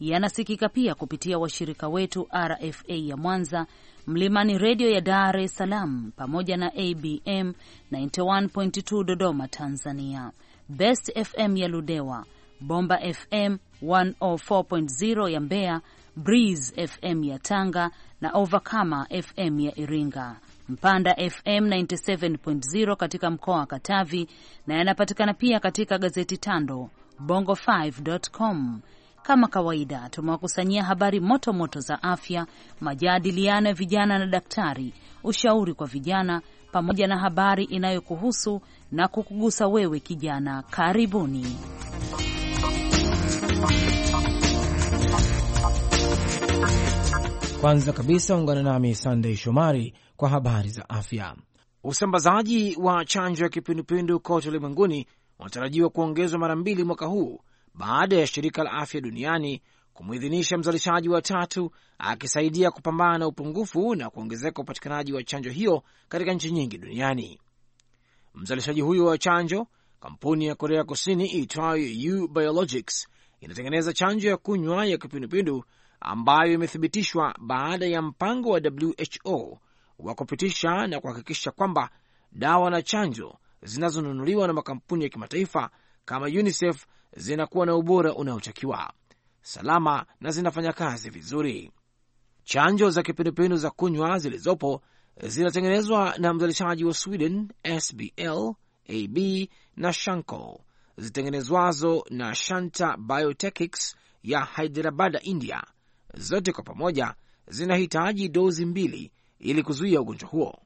yanasikika pia kupitia washirika wetu RFA ya Mwanza, Mlimani Redio ya Dar es Salaam, pamoja na ABM 91.2 Dodoma Tanzania, Best FM ya Ludewa, Bomba FM 104.0 ya Mbeya, Breeze FM ya Tanga na Overcomer FM ya Iringa, Mpanda FM 97.0 katika mkoa wa Katavi, na yanapatikana pia katika gazeti Tando Bongo5.com. Kama kawaida, tumewakusanyia habari moto moto za afya, majadiliano ya vijana na daktari, ushauri kwa vijana, pamoja na habari inayokuhusu na kukugusa wewe kijana. Karibuni. Kwanza kabisa ungana nami Sandei Shomari kwa habari za afya. Usambazaji wa chanjo ya kipindupindu kote ulimwenguni unatarajiwa kuongezwa mara mbili mwaka huu baada ya shirika la afya duniani kumwidhinisha mzalishaji wa tatu akisaidia kupambana na upungufu na kuongezeka upatikanaji wa chanjo hiyo katika nchi nyingi duniani. Mzalishaji huyo wa chanjo, kampuni ya Korea Kusini iitwayo U Biologics, inatengeneza chanjo ya kunywa ya kipindupindu ambayo imethibitishwa baada ya mpango wa WHO wa kupitisha na kuhakikisha kwamba dawa na chanjo zinazonunuliwa na makampuni ya kimataifa kama UNICEF zinakuwa na ubora unaotakiwa, salama na zinafanya kazi vizuri. Chanjo za kipindupindu za kunywa zilizopo zinatengenezwa na mzalishaji wa Sweden SBL, AB na Shanko, zitengenezwazo na Shanta Biotechics ya Hyderabad, India. Zote kwa pamoja zinahitaji dozi mbili ili kuzuia ugonjwa huo.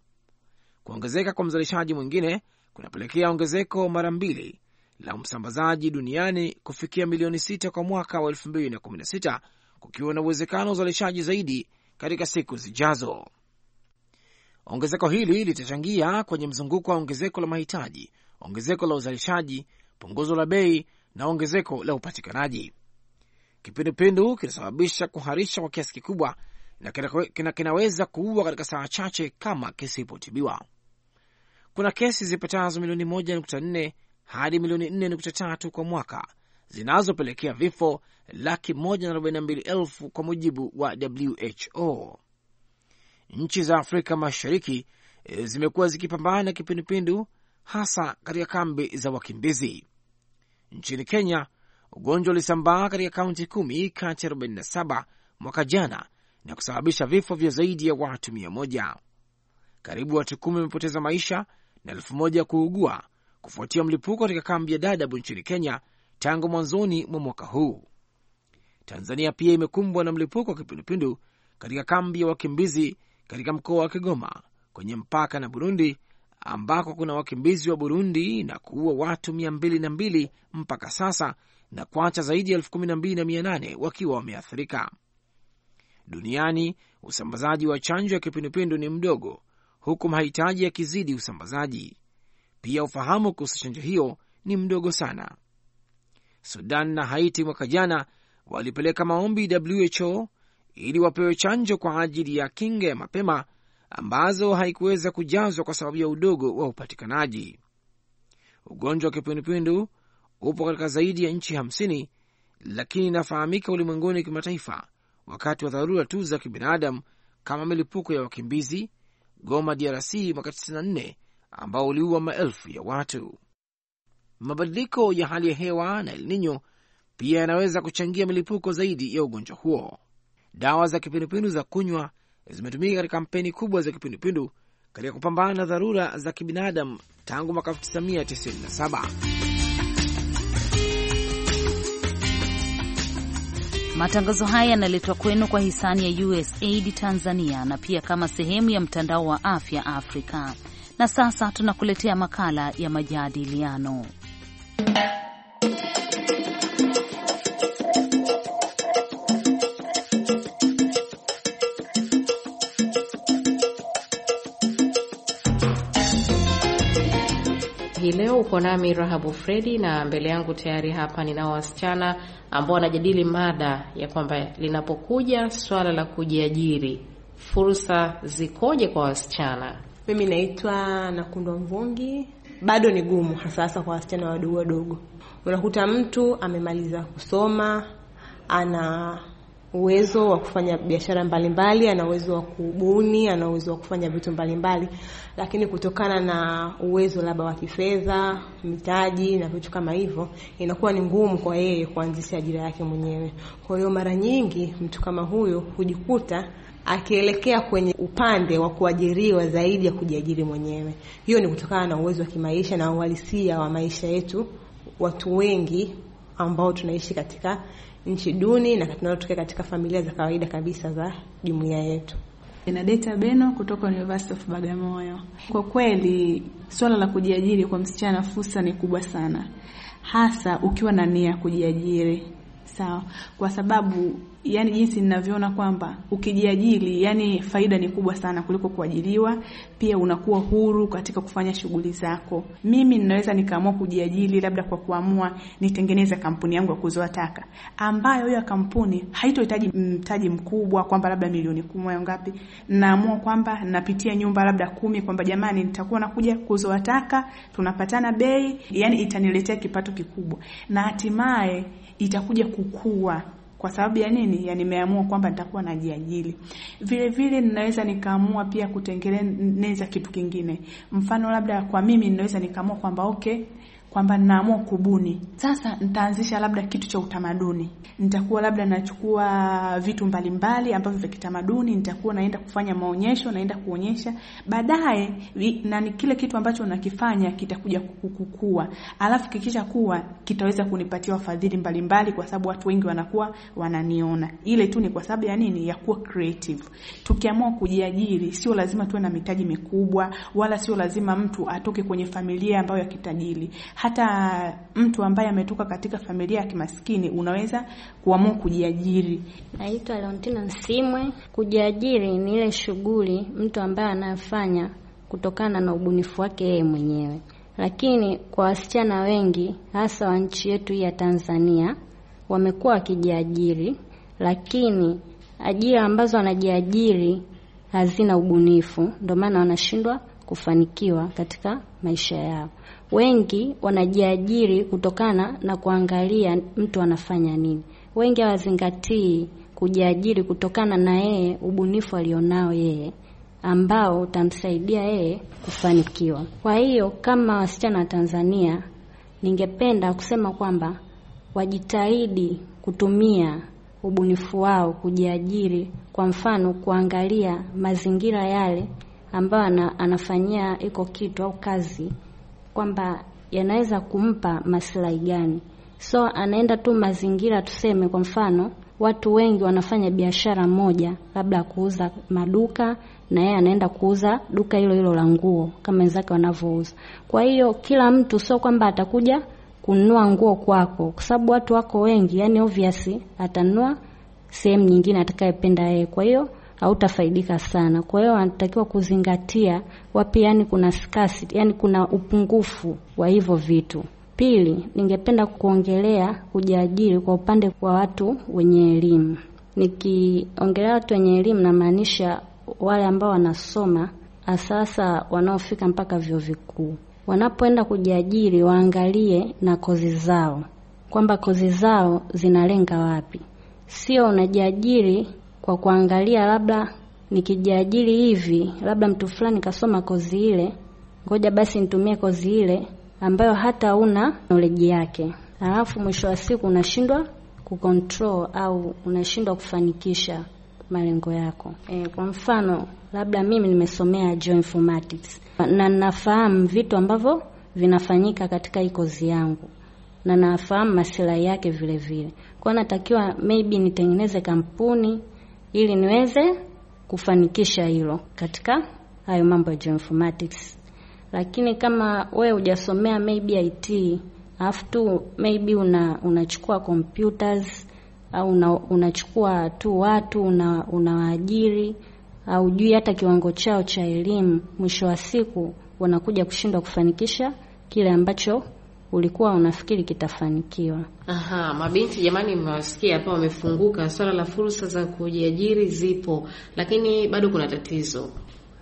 Kuongezeka kwa mzalishaji mwingine kunapelekea ongezeko mara mbili la msambazaji duniani kufikia milioni sita kwa mwaka wa 2016 kukiwa na uwezekano wa uzalishaji zaidi katika siku zijazo. Ongezeko hili litachangia kwenye mzunguko wa ongezeko la mahitaji, ongezeko la uzalishaji, punguzo la bei na ongezeko la upatikanaji. Kipindupindu kinasababisha kuharisha kwa kiasi kikubwa na kina kinaweza kuua katika saa chache kama kisipotibiwa. Kuna kesi zipatazo milioni moja nukta nne hadi milioni 4.3 kwa mwaka zinazopelekea vifo laki 142 kwa mujibu wa WHO. Nchi za Afrika Mashariki e, zimekuwa zikipambana na kipindupindu hasa katika kambi za wakimbizi. Nchini Kenya, ugonjwa ulisambaa katika kaunti kumi kati ya 47 mwaka jana na kusababisha vifo vya zaidi ya watu mia moja. Karibu watu kumi wamepoteza maisha na elfu moja kuugua kufuatia mlipuko katika kambi ya dadabu nchini Kenya tangu mwanzoni mwa mwaka huu. Tanzania pia imekumbwa na mlipuko wa kipindupindu katika kambi ya wakimbizi katika mkoa wa Kigoma kwenye mpaka na Burundi, ambako kuna wakimbizi wa Burundi na kuua watu mia mbili na mbili mpaka sasa na kuacha zaidi ya elfu kumi na mbili na mia nane wakiwa wameathirika. Duniani, usambazaji wa chanjo ya kipindupindu ni mdogo, huku mahitaji yakizidi usambazaji. Pia ufahamu kuhusu chanjo hiyo ni mdogo sana. Sudan na Haiti mwaka jana walipeleka maombi WHO ili wapewe chanjo kwa ajili ya kinga ya mapema ambazo haikuweza kujazwa kwa sababu ya udogo wa upatikanaji. Ugonjwa wa kipindupindu upo katika zaidi ya nchi hamsini, lakini inafahamika ulimwenguni kimataifa wakati wa dharura tu za kibinadamu kama milipuko ya wakimbizi Goma DRC mwaka 94 ambao uliua maelfu ya watu. Mabadiliko ya hali ya hewa na El Nino pia yanaweza kuchangia milipuko zaidi ya ugonjwa huo. Dawa za kipindupindu za kunywa zimetumika katika kampeni kubwa za kipindupindu katika kupambana na dharura za kibinadamu tangu mwaka 1997. Matangazo haya yanaletwa kwenu kwa hisani ya USAID Tanzania na pia kama sehemu ya mtandao wa afya Afrika. Na sasa tunakuletea makala ya majadiliano. Hii leo uko nami Rahabu Fredi, na mbele yangu tayari hapa ninao wasichana ambao wanajadili mada ya kwamba linapokuja swala la kujiajiri, fursa zikoje kwa wasichana? Mimi naitwa Nakundwa Mvungi. Bado ni gumu hasa hasa kwa wasichana wadogo wadogo. Unakuta mtu amemaliza kusoma, ana uwezo wa kufanya biashara mbalimbali, ana uwezo wa kubuni, ana uwezo wa kufanya vitu mbalimbali, lakini kutokana na uwezo labda wa kifedha, mitaji na vitu kama hivyo, inakuwa ni ngumu kwa yeye kuanzisha ajira yake mwenyewe. Kwa hiyo mara nyingi mtu kama huyo hujikuta akielekea kwenye upande wa kuajiriwa zaidi ya kujiajiri mwenyewe. Hiyo ni kutokana na uwezo wa kimaisha na uhalisia wa maisha yetu, watu wengi ambao tunaishi katika nchi duni na tunatokea katika familia za kawaida kabisa za jumuiya yetu. Benadeta Beno kutoka University of Bagamoyo. Kwa kweli swala la kujiajiri kwa msichana, fursa ni kubwa sana, hasa ukiwa na nia ya kujiajiri sawa, kwa sababu yani jinsi ninavyoona kwamba ukijiajiri, yani faida ni kubwa sana kuliko kuajiriwa. Pia unakuwa huru katika kufanya shughuli zako. Mimi ninaweza nikaamua kujiajiri, labda kwa kuamua nitengeneze kampuni yangu ya kuzoa taka, ambayo hiyo kampuni haitohitaji mtaji mkubwa, kwamba labda milioni kumi au ngapi. Naamua kwamba napitia nyumba labda kumi, kwamba jamani, nitakuwa nakuja kuzoa taka, tunapatana bei, yani itaniletea kipato kikubwa, na hatimaye itakuja kukua kwa sababu ya nini? Ya nimeamua kwamba nitakuwa najiajili Vile vile ninaweza nikaamua pia kutengeneza kitu kingine, mfano labda kwa mimi ninaweza nikaamua kwamba okay kwamba ninaamua kubuni sasa, nitaanzisha labda kitu cha utamaduni, nitakuwa labda nachukua vitu mbalimbali ambavyo vya kitamaduni, nitakuwa naenda kufanya maonyesho, naenda kuonyesha baadaye, na ni kile kitu ambacho nakifanya kitakuja kukukua, alafu kikisha kuwa kitaweza kunipatia wafadhili mbalimbali, kwa sababu watu wengi wanakuwa wananiona. Ile tu ni kwa sababu ya nini? Ya kuwa creative. Tukiamua kujiajiri, sio lazima tuwe na mitaji mikubwa, wala sio lazima mtu atoke kwenye familia ambayo ya kitajiri hata mtu ambaye ametoka katika familia ya kimaskini unaweza kuamua kujiajiri. Naitwa Leontina Msimwe. Kujiajiri ni ile shughuli mtu ambaye anafanya kutokana na ubunifu wake yeye mwenyewe, lakini kwa wasichana wengi hasa wa nchi yetu hii ya Tanzania wamekuwa wakijiajiri, lakini ajira ambazo wanajiajiri hazina ubunifu, ndio maana wanashindwa kufanikiwa katika maisha yao. Wengi wanajiajiri kutokana na kuangalia mtu anafanya nini. Wengi hawazingatii kujiajiri kutokana na yeye ubunifu alionao yeye ambao utamsaidia yeye kufanikiwa. Kwa hiyo kama wasichana wa Tanzania, ningependa kusema kwamba wajitahidi kutumia ubunifu wao kujiajiri. Kwa mfano, kuangalia mazingira yale ambayo anafanyia iko kitu au kazi kwamba yanaweza kumpa maslahi gani. So anaenda tu mazingira, tuseme kwa mfano watu wengi wanafanya biashara moja, labda ya kuuza maduka, na yeye anaenda kuuza duka hilo hilo la nguo kama wenzake wanavyouza. Kwa hiyo kila mtu sio kwamba atakuja kununua nguo kwako, kwa sababu watu wako wengi, yani obviously atanunua sehemu nyingine atakayependa yeye. Kwa hiyo hautafaidika sana. Kwa hiyo wanatakiwa kuzingatia wapi, yani kuna scarcity, yani kuna upungufu wa hivyo vitu. Pili, ningependa kuongelea kujiajiri kwa upande wa watu wenye elimu. Nikiongelea watu wenye elimu, namaanisha wale ambao wanasoma asasa wanaofika mpaka vyuo vikuu. Wanapoenda kujiajiri, waangalie na kozi zao, kwamba kozi zao zinalenga wapi. Sio unajiajiri kwa kuangalia labda nikijiajiri hivi, labda mtu fulani kasoma kozi ile, ngoja basi nitumie kozi ile ambayo hata una knowledge yake, alafu mwisho wa siku unashindwa kucontrol au unashindwa kufanikisha malengo yako. E, kwa mfano labda mimi nimesomea geoinformatics na nafahamu vitu ambavyo vinafanyika katika hii kozi yangu na nafahamu masilahi yake vile vile. Kwa natakiwa maybe nitengeneze kampuni ili niweze kufanikisha hilo katika hayo mambo ya geoinformatics. Lakini kama we hujasomea maybe IT alafu tu maybe una unachukua computers au una, unachukua tu watu una unawaajiri au jui hata kiwango chao cha elimu, mwisho wa siku wanakuja kushindwa kufanikisha kile ambacho ulikuwa unafikiri kitafanikiwa. Aha, mabinti jamani, mmewasikia hapa, wamefunguka. Swala la fursa za kujiajiri zipo, lakini bado kuna tatizo.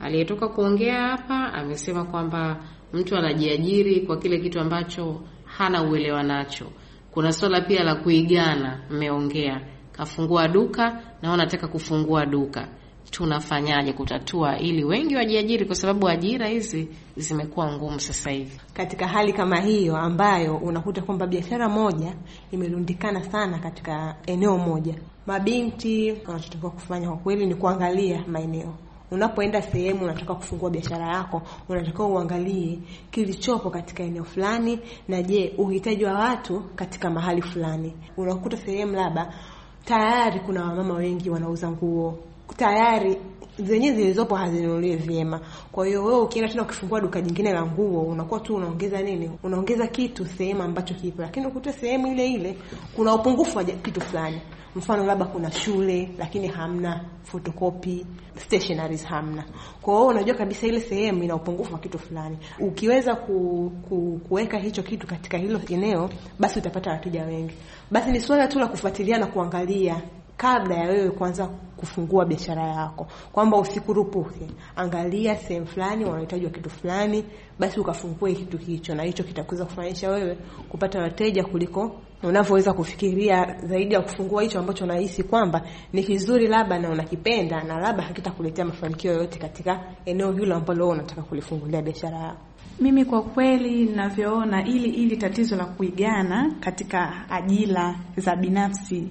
Aliyetoka kuongea hapa amesema kwamba mtu anajiajiri kwa kile kitu ambacho hana uelewa nacho. Kuna swala pia la kuigana, mmeongea kafungua duka na wanataka kufungua duka tunafanyaje kutatua ili wengi wajiajiri, kwa sababu ajira hizi zimekuwa ngumu sasa hivi. Katika hali kama hiyo ambayo unakuta kwamba biashara moja imerundikana sana katika eneo moja, mabinti wanachotakiwa kufanya kwa kweli ni kuangalia maeneo Unapoenda sehemu unataka kufungua biashara yako, unatakiwa uangalie kilichopo katika eneo fulani, na je, uhitaji wa watu katika mahali fulani. Unakuta sehemu labda tayari kuna wamama wengi wanauza nguo, tayari zenyewe zilizopo hazinunuliwi vyema. Kwa hiyo wewe ukienda tena ukifungua duka jingine la nguo, unakuwa tu unaongeza nini, unaongeza kitu sehemu ambacho kipo, lakini ukute sehemu ile ile kuna upungufu wa kitu fulani. Mfano labda kuna shule lakini hamna photocopy, stationaries hamna. Kwa hiyo unajua kabisa ile sehemu ina upungufu wa kitu fulani. Ukiweza ku, ku, kuweka hicho kitu katika hilo eneo, basi utapata wateja wengi. Basi ni swala tu la kufuatilia na kuangalia kabla ya wewe kuanza kufungua biashara yako, kwamba usikurupuke. Angalia sehemu fulani wanahitaji wa kitu fulani, basi ukafungue kitu hicho, na hicho kitakuweza kufanyisha wewe kupata wateja kuliko unavyoweza kufikiria, zaidi ya kufungua hicho ambacho unahisi kwamba ni kizuri labda na unakipenda, na labda hakitakuletea mafanikio yoyote katika eneo hilo ambalo wewe unataka kulifungulia biashara yako. Mimi kwa kweli ninavyoona, ili ili tatizo la kuigana katika ajira za binafsi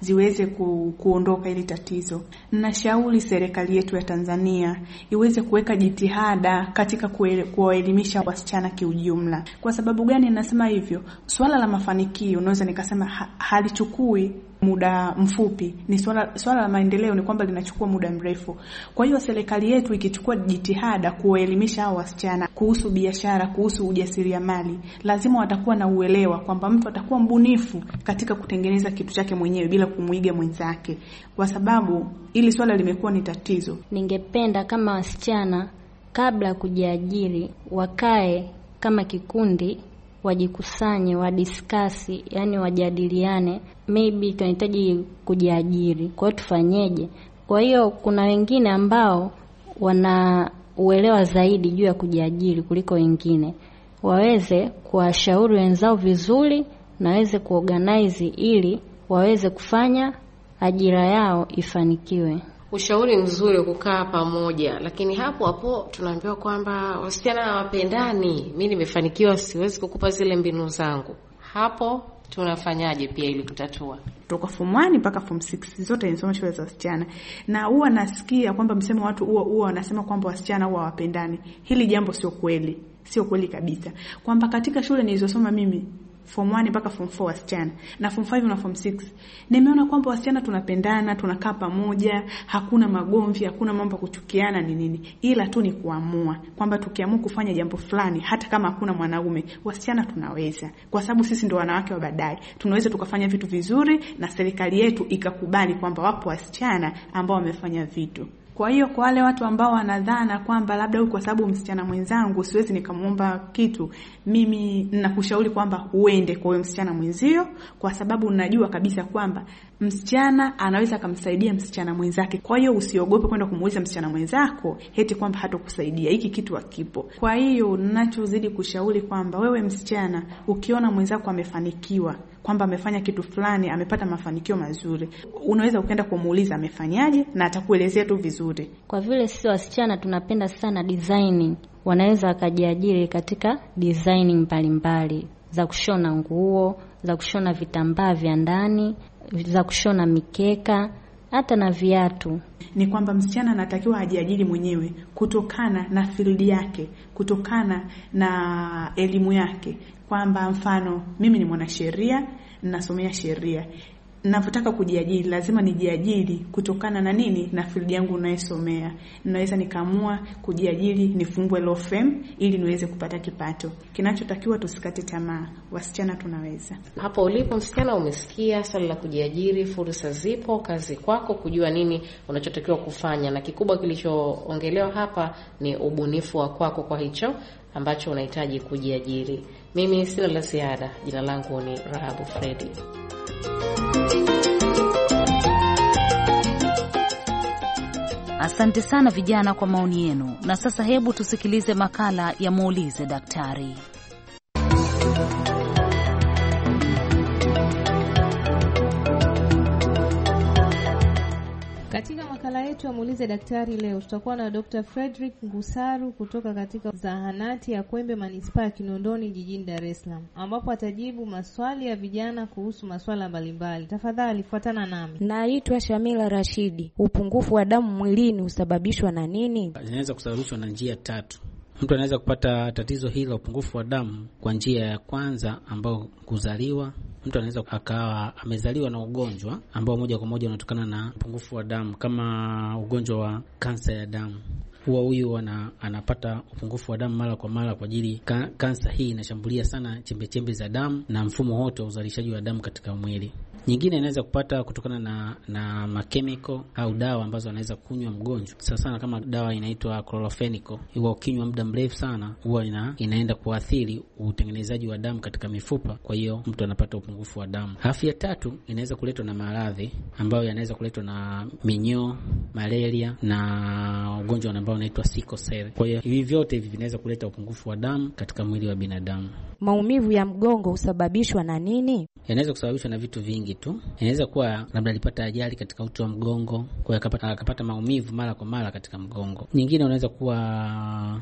ziweze ku, kuondoka ili tatizo. Nashauri serikali yetu ya Tanzania iweze kuweka jitihada katika kuwaelimisha wasichana kiujumla. Kwa sababu gani nasema hivyo? Swala la mafanikio unaweza nikasema ha, halichukui muda mfupi, ni swala swala la maendeleo ni kwamba linachukua muda mrefu. Kwa hiyo serikali yetu ikichukua jitihada kuwaelimisha hao wasichana kuhusu biashara, kuhusu ujasiriamali, lazima watakuwa na uelewa kwamba mtu atakuwa mbunifu katika kutengeneza kitu chake mwenyewe bila kumwiga mwenzake, kwa sababu ili swala limekuwa ni tatizo. Ningependa kama wasichana kabla ya kujiajiri wakae kama kikundi wajikusanye, wadiskasi, yani wajadiliane, maybe tunahitaji kujiajiri, kwa hiyo tufanyeje? Kwa hiyo kuna wengine ambao wana uelewa zaidi juu ya kujiajiri kuliko wengine, waweze kuwashauri wenzao vizuri na waweze kuorganize ili waweze kufanya ajira yao ifanikiwe ushauri mzuri kukaa pamoja, lakini hapo hapo tunaambiwa kwamba wasichana hawapendani. Mi nimefanikiwa, siwezi kukupa zile mbinu zangu. Hapo tunafanyaje pia ili kutatua? Toka form 1 mpaka form 6 zote nisoma shule za wasichana, na huwa nasikia kwamba msemo watu huwa huwa wanasema kwamba wasichana huwa hawapendani. Hili jambo sio kweli, sio kweli kabisa, kwamba katika shule nilizosoma mimi form 1 mpaka form 4 wasichana na form 5 na form 6. Nimeona kwamba wasichana tunapendana, tunakaa pamoja, hakuna magomvi, hakuna mambo ya kuchukiana ni nini, ila tu ni kuamua kwamba tukiamua kufanya jambo fulani, hata kama hakuna mwanaume, wasichana tunaweza, kwa sababu sisi ndo wanawake wa baadaye, tunaweza tukafanya vitu vizuri na serikali yetu ikakubali kwamba wapo wasichana ambao wamefanya vitu kwa hiyo kwa wale watu ambao wanadhana kwamba labda huyu kwa sababu msichana mwenzangu siwezi nikamwomba kitu, mimi nakushauri kwamba uende kwa huyo msichana mwenzio, kwa sababu najua kabisa kwamba msichana anaweza akamsaidia msichana mwenzake. Kwa hiyo usiogope kwenda kumuuliza msichana mwenzako heti kwamba hatakusaidia, hiki kitu hakipo. Kwa hiyo nachozidi kushauri kwamba wewe msichana, ukiona mwenzako amefanikiwa kwamba amefanya kitu fulani, amepata mafanikio mazuri, unaweza ukaenda kumuuliza amefanyaje, na atakuelezea tu vizuri. Kwa vile sisi wasichana tunapenda sana designing, wanaweza wakajiajiri katika designing mbalimbali za kushona nguo, za kushona vitambaa vya ndani, za kushona mikeka hata na viatu. Ni kwamba msichana anatakiwa ajiajiri mwenyewe kutokana na field yake, kutokana na elimu yake, kwamba mfano mimi ni mwanasheria, ninasomea sheria, ninavyotaka kujiajiri lazima nijiajiri kutokana na nini? Na field yangu ninayosomea. Ninaweza nikaamua kujiajiri nifungue law firm ili niweze kupata kipato. Kinachotakiwa tusikate tamaa, wasichana tunaweza. Hapo ulipo msichana, umesikia swali la kujiajiri, fursa zipo, kazi kwako, kujua nini unachotakiwa kufanya, na kikubwa kilichoongelewa hapa ni ubunifu wa kwako kwa hicho ambacho unahitaji kujiajiri. Mimi sio la ziada. Jina langu ni Rahabu Fredi. Asante sana vijana kwa maoni yenu, na sasa hebu tusikilize makala ya muulize daktari. makala yetu amuulize daktari leo tutakuwa na Dr. Frederick Ngusaru kutoka katika zahanati ya Kwembe manispaa ya Kinondoni jijini Dar es Salaam, ambapo atajibu maswali ya vijana kuhusu maswala mbalimbali. Tafadhali fuatana nami. Naitwa Shamila Rashidi. Upungufu wa damu mwilini husababishwa na nini? Inaweza kusababishwa na njia tatu. Mtu anaweza kupata tatizo hili la upungufu wa damu kwa njia ya kwanza, ambayo kuzaliwa mtu anaweza akawa amezaliwa na ugonjwa ambao moja kwa moja unatokana na upungufu wa damu, kama ugonjwa wa kansa ya damu huwa huyu anapata upungufu wa damu mara kwa mara kwa ajili ka, kansa hii inashambulia sana chembechembe za damu na mfumo wote wa uzalishaji wa damu katika mwili. Nyingine inaweza kupata kutokana na na makemiko au dawa ambazo anaweza kunywa mgonjwa. Sana sana kama dawa inaitwa chlorofenico, huwa ukinywa muda mrefu sana huwa ina, inaenda kuathiri utengenezaji wa damu katika mifupa, kwa hiyo mtu anapata upungufu wa damu. ya tatu inaweza kuletwa na maradhi ambayo yanaweza kuletwa na minyoo, malaria na ugonjwa ambao unaitwa sickle cell. Kwa hiyo hivi vyote hivi vinaweza kuleta upungufu wa damu katika mwili wa binadamu. Maumivu ya mgongo husababishwa na nini? Yanaweza kusababishwa na vitu vingi tu. Inaweza kuwa labda alipata ajali katika uti wa mgongo, kwa akapata, akapata maumivu mara kwa mara katika mgongo. Nyingine unaweza kuwa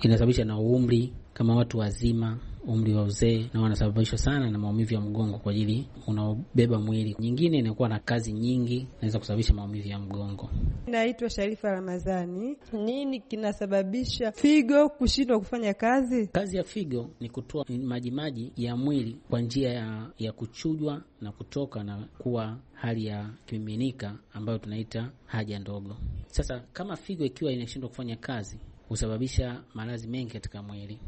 inasababisha na umri kama watu wazima umri wa uzee na wanasababishwa sana na maumivu ya mgongo kwa ajili unaobeba mwili. Nyingine inakuwa na kazi nyingi, naweza kusababisha maumivu ya mgongo. Naitwa Sharifa Ramadhani. Nini kinasababisha figo kushindwa kufanya kazi? Kazi ya figo ni kutoa majimaji ya mwili kwa njia ya, ya kuchujwa na kutoka na kuwa hali ya kimiminika ambayo tunaita haja ndogo. Sasa kama figo ikiwa inashindwa kufanya kazi, husababisha maradhi mengi katika mwili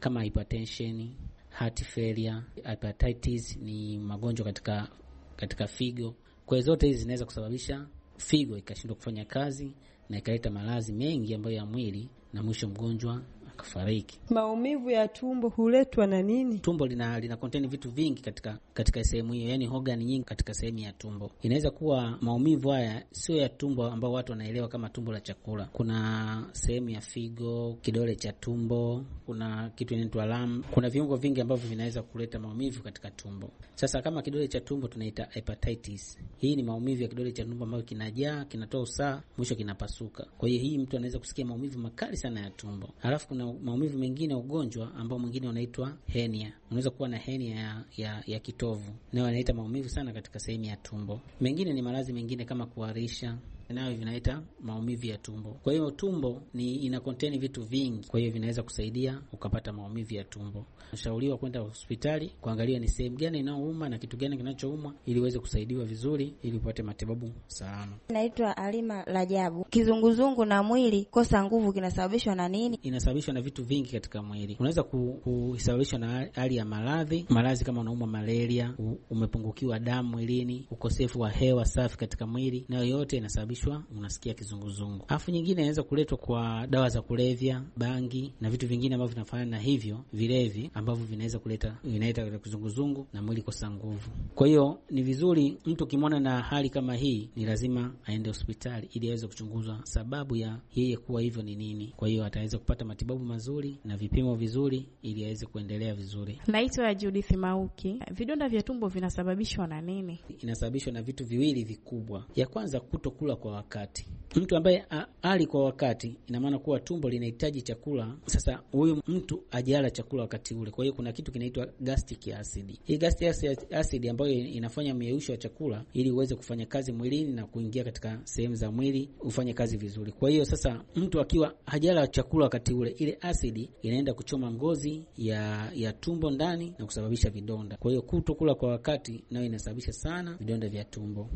kama hypertension, heart failure, hepatitis ni magonjwa katika katika figo. Kwa hiyo zote hizi zinaweza kusababisha figo ikashindwa kufanya kazi na ikaleta maradhi mengi ambayo ya mwili na mwisho mgonjwa akafariki. Maumivu ya tumbo huletwa na nini? Tumbo lina lina contain vitu vingi katika katika sehemu hiyo, yani organ nyingi katika sehemu ya tumbo. Inaweza kuwa maumivu haya sio ya tumbo ambao watu wanaelewa kama tumbo la chakula. Kuna sehemu ya figo, kidole cha tumbo, kuna kitu inaitwa lamu. Kuna viungo vingi ambavyo vinaweza kuleta maumivu katika tumbo. Sasa kama kidole cha tumbo tunaita hepatitis. Hii ni maumivu ya kidole cha tumbo ambayo kinajaa, kinatoa usaha, mwisho kinapasuka. Kwa hiyo hii mtu anaweza kusikia maumivu makali sana ya tumbo. Halafu kuna maumivu mengine ugonjwa ambao mwingine unaitwa henia. Unaweza kuwa na henia ya, ya, ya kitovu nayo wanaita maumivu sana katika sehemu ya tumbo. Mengine ni maradhi mengine kama kuharisha, nayo vinaita maumivu ya tumbo. Kwa hiyo tumbo ni ina contain vitu vingi, kwa hiyo vinaweza kusaidia ukapata maumivu ya tumbo. Unashauriwa kwenda hospitali kuangalia ni sehemu gani inayouma na kitu gani kinachouma, ili uweze kusaidiwa vizuri, ili upate matibabu salama. Naitwa Alima Rajabu. Kizunguzungu na mwili kosa nguvu kinasababishwa na nini? Inasababishwa na vitu vingi katika mwili. Unaweza kusababishwa na hali ya maradhi, maradhi kama unaumwa malaria, umepungukiwa damu mwilini, ukosefu wa hewa safi katika mwili, nayo yote inasababisha kuhamasishwa, unasikia kizunguzungu. Alafu nyingine inaweza kuletwa kwa dawa za kulevya, bangi na vitu vingine ambavyo vinafanana na hivyo vilevi, ambavyo vinaweza kuleta vinaleta kizunguzungu na mwili kosa nguvu. Kwa hiyo ni vizuri mtu ukimwona na hali kama hii, ni lazima aende hospitali ili aweze kuchunguzwa sababu ya yeye kuwa hivyo ni nini. Kwa hiyo ataweza kupata matibabu mazuri na vipimo vizuri ili aweze kuendelea vizuri. Naitwa Judith Mauki. Vidonda vya tumbo vinasababishwa na nini? Inasababishwa na vitu viwili vikubwa. Ya kwanza, kutokula kwa kwa wakati. Mtu ambaye ali kwa wakati, ina maana kuwa tumbo linahitaji chakula. Sasa huyu mtu ajala chakula wakati ule. Kwa hiyo kuna kitu kinaitwa gastric acid. Hii gastric acid ambayo inafanya myeusho wa chakula ili uweze kufanya kazi mwilini na kuingia katika sehemu za mwili ufanye kazi vizuri. Kwa hiyo sasa mtu akiwa hajala chakula wakati ule, ile asidi inaenda kuchoma ngozi ya ya tumbo ndani na kusababisha vidonda. Kwa hiyo kutokula kwa wakati nayo inasababisha sana vidonda vya tumbo.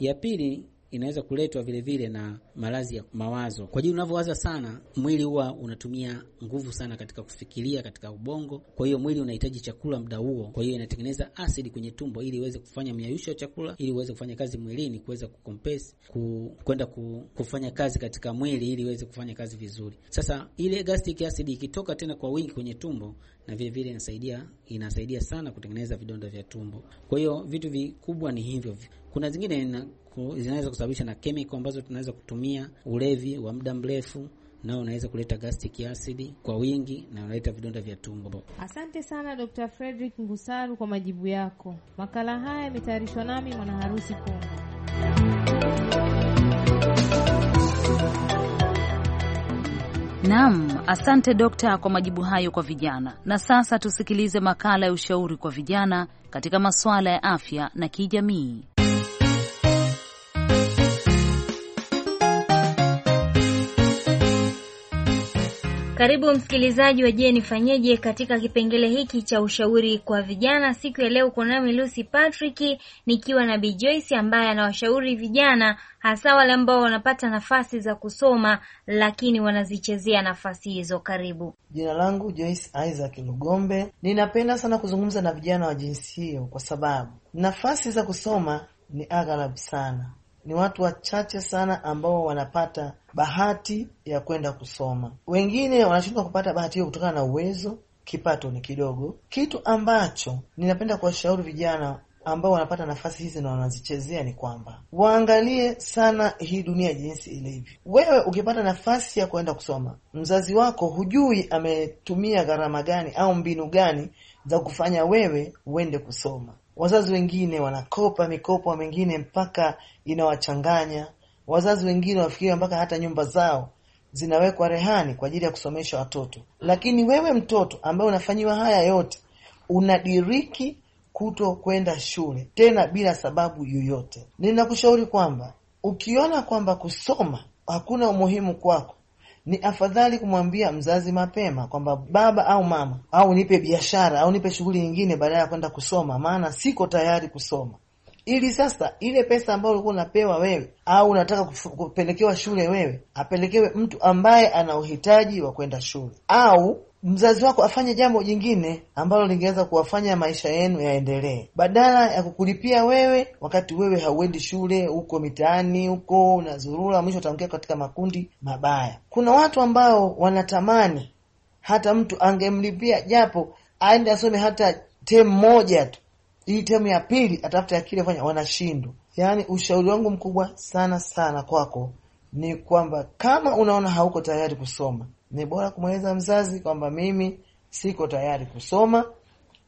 Ya pili inaweza kuletwa vile vile na maradhi ya mawazo. Kwa jili unavyowaza sana, mwili huwa unatumia nguvu sana katika kufikiria, katika ubongo. Kwa hiyo mwili unahitaji chakula muda huo, kwa hiyo inatengeneza asidi kwenye tumbo ili iweze kufanya miayusho ya chakula, ili uweze kufanya kazi mwilini, kuweza kukompesi kwenda ku, kufanya kazi katika mwili, ili iweze kufanya kazi vizuri. Sasa ile gastric acid ikitoka tena kwa wingi kwenye tumbo, na vile vile inasaidia inasaidia sana kutengeneza vidonda vya tumbo. Kwa hiyo vitu vikubwa ni hivyo kuna zingine zinaweza kusababisha na kemiko ambazo tunaweza kutumia. Ulevi wa muda mrefu nao unaweza kuleta gastric acid kwa wingi na unaleta vidonda vya tumbo. Asante sana Dr. Frederick Ngusaru kwa majibu yako. Makala haya yametayarishwa nami mwana harusi Pongo. Naam, asante dokta kwa majibu hayo kwa vijana. Na sasa tusikilize makala ya ushauri kwa vijana katika masuala ya afya na kijamii. Karibu msikilizaji wa Je Nifanyeje katika kipengele hiki cha ushauri kwa vijana. Siku ya leo kuna nami Lucy Patrick nikiwa na Bi Joyce ambaye anawashauri vijana, hasa wale ambao wanapata nafasi za kusoma lakini wanazichezea nafasi hizo. Karibu. Jina langu Joyce Isaac Lugombe. Ninapenda sana kuzungumza na vijana wa jinsi hiyo kwa sababu nafasi za kusoma ni aghalabu sana, ni watu wachache sana ambao wanapata bahati ya kwenda kusoma. Wengine wanashindwa kupata bahati hiyo kutokana na uwezo, kipato ni kidogo. Kitu ambacho ninapenda kuwashauri vijana ambao wanapata nafasi hizi na wanazichezea ni kwamba waangalie sana hii dunia jinsi ilivyo. Wewe ukipata nafasi ya kuenda kusoma, mzazi wako hujui ametumia gharama gani au mbinu gani za kufanya wewe uende kusoma. Wazazi wengine wanakopa mikopo, wengine mpaka inawachanganya Wazazi wengine wafikiriwa mpaka hata nyumba zao zinawekwa rehani kwa ajili ya kusomesha watoto. Lakini wewe mtoto ambaye unafanyiwa haya yote, unadiriki kuto kwenda shule tena bila sababu yoyote. Ninakushauri kwamba ukiona kwamba kusoma hakuna umuhimu kwako, ni afadhali kumwambia mzazi mapema kwamba baba au mama, au nipe biashara au nipe shughuli nyingine badala ya kwenda kusoma, maana siko tayari kusoma ili sasa ile pesa ambayo ulikuwa unapewa wewe au unataka kupelekewa shule wewe, apelekewe mtu ambaye ana uhitaji wa kwenda shule au mzazi wako afanye jambo jingine ambalo lingeweza kuwafanya maisha yenu yaendelee, badala ya kukulipia wewe wakati wewe hauendi shule, huko mitaani, huko unazurura, mwisho utaongea katika makundi mabaya. Kuna watu ambao wanatamani hata mtu angemlipia japo aende asome hata temu moja tu, hii temu ya pili atafute akili afanya, wanashindwa. Yaani ushauri wangu mkubwa sana sana kwako ni kwamba kama unaona hauko tayari kusoma, ni bora kumweleza mzazi kwamba mimi siko tayari kusoma,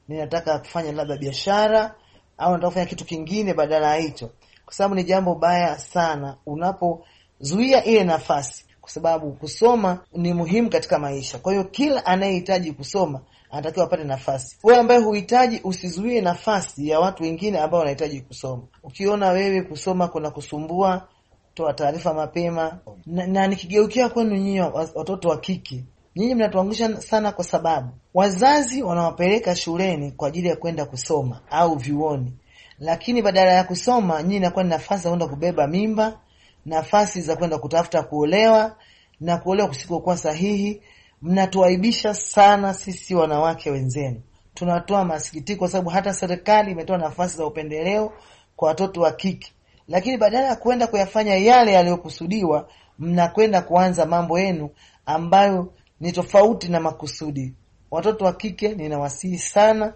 ninataka kufanya labda biashara au nataka kufanya kitu kingine badala ya hicho, kwa sababu ni jambo baya sana unapozuia ile nafasi, kwa sababu kusoma ni muhimu katika maisha. Kwa hiyo kila anayehitaji kusoma anatakiwa apate nafasi. Wewe ambaye huhitaji, usizuie nafasi ya watu wengine ambao wanahitaji kusoma. Ukiona wewe kusoma kuna kusumbua, toa taarifa mapema. Na, na nikigeukia kwenu nyinyi watoto wa kike, nyinyi mnatuangusha sana, kwa sababu wazazi wanawapeleka shuleni kwa ajili ya kwenda kusoma au vyuoni, lakini badala ya kusoma nyinyi inakuwa ni nafasi za kwenda kubeba mimba, nafasi za kwenda kutafuta kuolewa na kuolewa kusikokuwa sahihi mnatuaibisha sana sisi wanawake wenzenu. Tunatoa masikitiko kwa sababu hata serikali imetoa nafasi za upendeleo kwa watoto wa kike, lakini badala ya kwenda kuyafanya yale yaliyokusudiwa, mnakwenda kuanza mambo yenu ambayo ni tofauti na makusudi. Watoto wa kike ninawasihi sana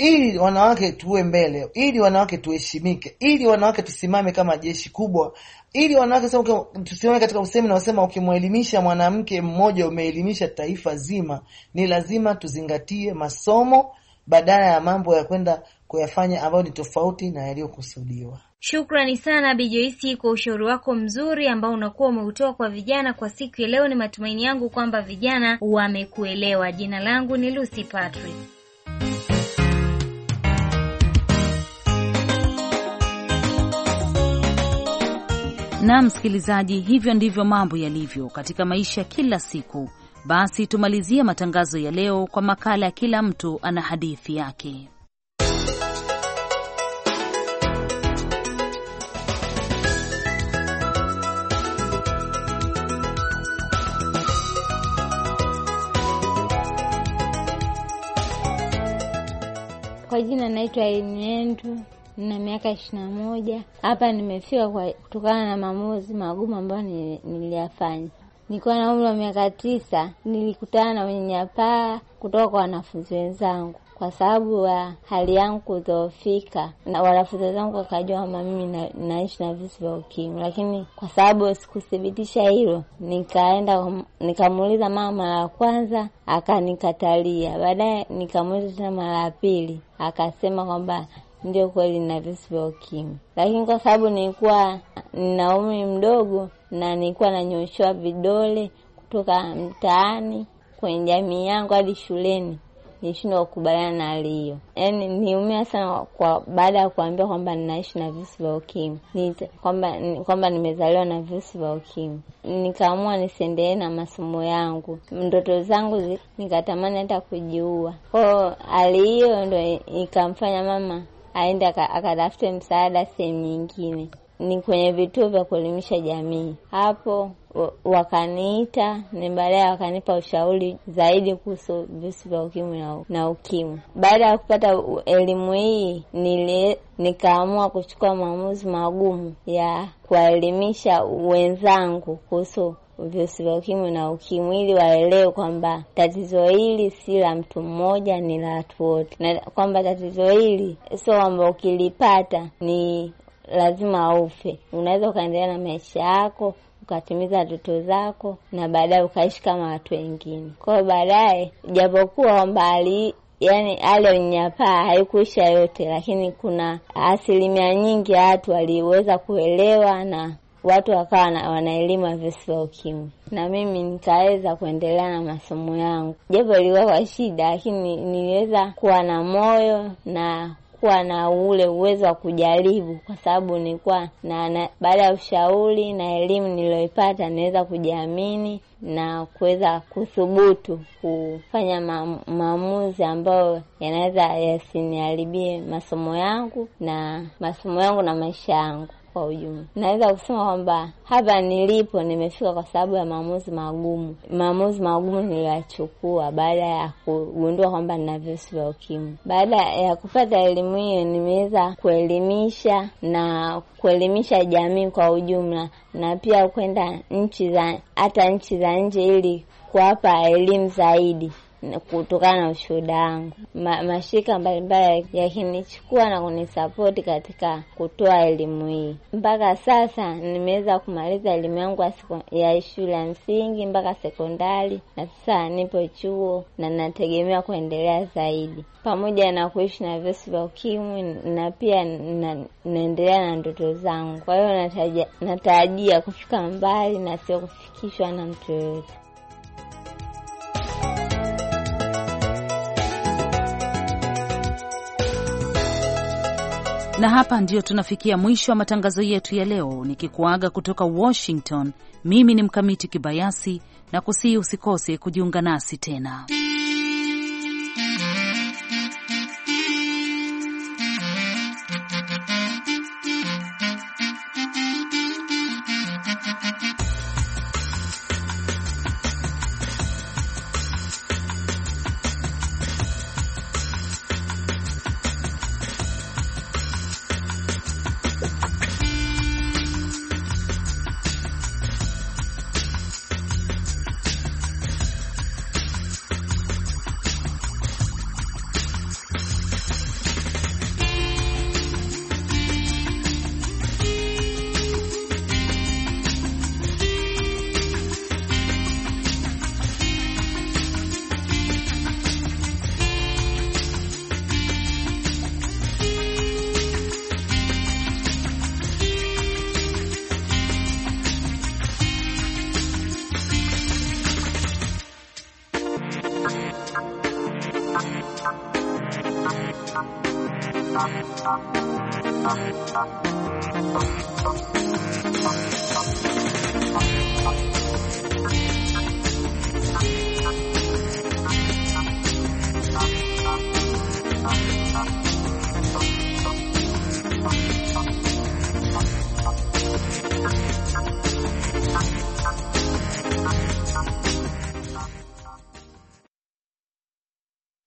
ili wanawake tuwe mbele, ili wanawake tuheshimike, ili wanawake tusimame kama jeshi kubwa, ili wanawake tusimame katika usemi unaosema ukimwelimisha mwanamke mmoja umeelimisha taifa zima. Ni lazima tuzingatie masomo badala ya mambo ya kwenda kuyafanya ambayo ni tofauti na yaliyokusudiwa. Shukrani sana bijoisi kwa ushauri wako mzuri ambao unakuwa umeutoa kwa vijana kwa siku ya leo. Ni matumaini yangu kwamba vijana wamekuelewa. Jina langu ni Lucy Patrick. Na msikilizaji, hivyo ndivyo mambo yalivyo katika maisha kila siku. Basi tumalizie matangazo ya leo kwa makala ya kila mtu ana hadithi yake. Kwa jina naitwa Enendu na miaka ishirini na moja. Hapa nimefika kwa kutokana na maamuzi magumu ambayo niliyafanya. Nilikuwa na umri wa miaka tisa, nilikutana na unyanyapaa kutoka kwa wanafunzi wenzangu kwa sababu ya hali yangu kudhoofika, na wanafunzi wenzangu wakajua kwamba mimi na, naishi na virusi vya ukimwi. Lakini kwa sababu sikuthibitisha hilo, nikaenda nikamuuliza mama mara ya kwanza, akanikatalia. Baadaye nikamuuliza tena mara ya pili, akasema kwamba ndio kweli na virusi vya ukimwi, lakini kwa sababu nilikuwa nina umri mdogo na nilikuwa nanyoshewa vidole kutoka mtaani kwenye jamii yangu hadi shuleni, nishindwa kukubaliana na hali hiyo. Yani niumia sana kwa baada ya kuambia kwamba ninaishi na virusi vya ukimwi, kwamba kwamba nimezaliwa na virusi vya ukimwi. Nikaamua nisiendelee na masomo yangu, ndoto zangu nikatamani hata kujiua. Kwao hali hiyo ndo ikamfanya mama aende akatafute msaada sehemu nyingine. Ni kwenye vituo vya kuelimisha jamii. Hapo wakaniita ni baadaye, wakanipa ushauri zaidi kuhusu virusi vya ukimwi na ukimwi. Baada ya kupata elimu hii, nikaamua kuchukua maamuzi magumu ya kuwaelimisha wenzangu kuhusu virusi vya ukimwi na ukimwi, ili waelewe kwamba tatizo hili si la mtu mmoja, ni la watu wote, na kwamba tatizo hili sio kwamba ukilipata ni lazima ufe. Unaweza ukaendelea na maisha yako ukatimiza ndoto zako na baadaye ukaishi kama watu wengine. Kwa hiyo baadaye, japokuwa kwamba hali yani hali ya unyanyapaa haikuisha yote, lakini kuna asilimia nyingi ya watu waliweza kuelewa na watu wakawa wana elimu ya virusi vya ukimwi, na mimi nikaweza kuendelea na masomo yangu, japo ilikuwa kwa shida, lakini niliweza kuwa na moyo na kuwa na ule uwezo wa kujaribu, kwa sababu nilikuwa na, na baada ya ushauri na elimu niliyoipata niweza kujiamini na kuweza kuthubutu kufanya maamuzi ambayo yanaweza yasiniharibie masomo yangu na masomo yangu na maisha yangu kwa ujumla. Naweza kusema kwamba hapa nilipo nimefika kwa sababu ya maamuzi magumu, maamuzi magumu niliyachukua baada ya kugundua kwamba nina virusi vya ukimwi. Baada ya kupata elimu hiyo, nimeweza kuelimisha na kuelimisha jamii kwa ujumla, na pia kwenda nchi za hata nchi za nje ili kuwapa elimu zaidi kutokana na ushuhuda wangu. Ma, mashirika mbalimbali yakinichukua na kunisapoti katika kutoa elimu hii. Mpaka sasa nimeweza kumaliza elimu yangu ya shule ya msingi mpaka sekondari, na sasa nipo chuo na nategemea kuendelea zaidi, pamoja na kuishi na virusi vya ukimwi, na pia naendelea na, na ndoto zangu. Kwa hiyo natarajia kufika mbali na sio kufikishwa na mtu yoyote. Na hapa ndio tunafikia mwisho wa matangazo yetu ya leo, nikikuaga kutoka Washington. Mimi ni Mkamiti Kibayasi na kusihi usikose kujiunga nasi tena.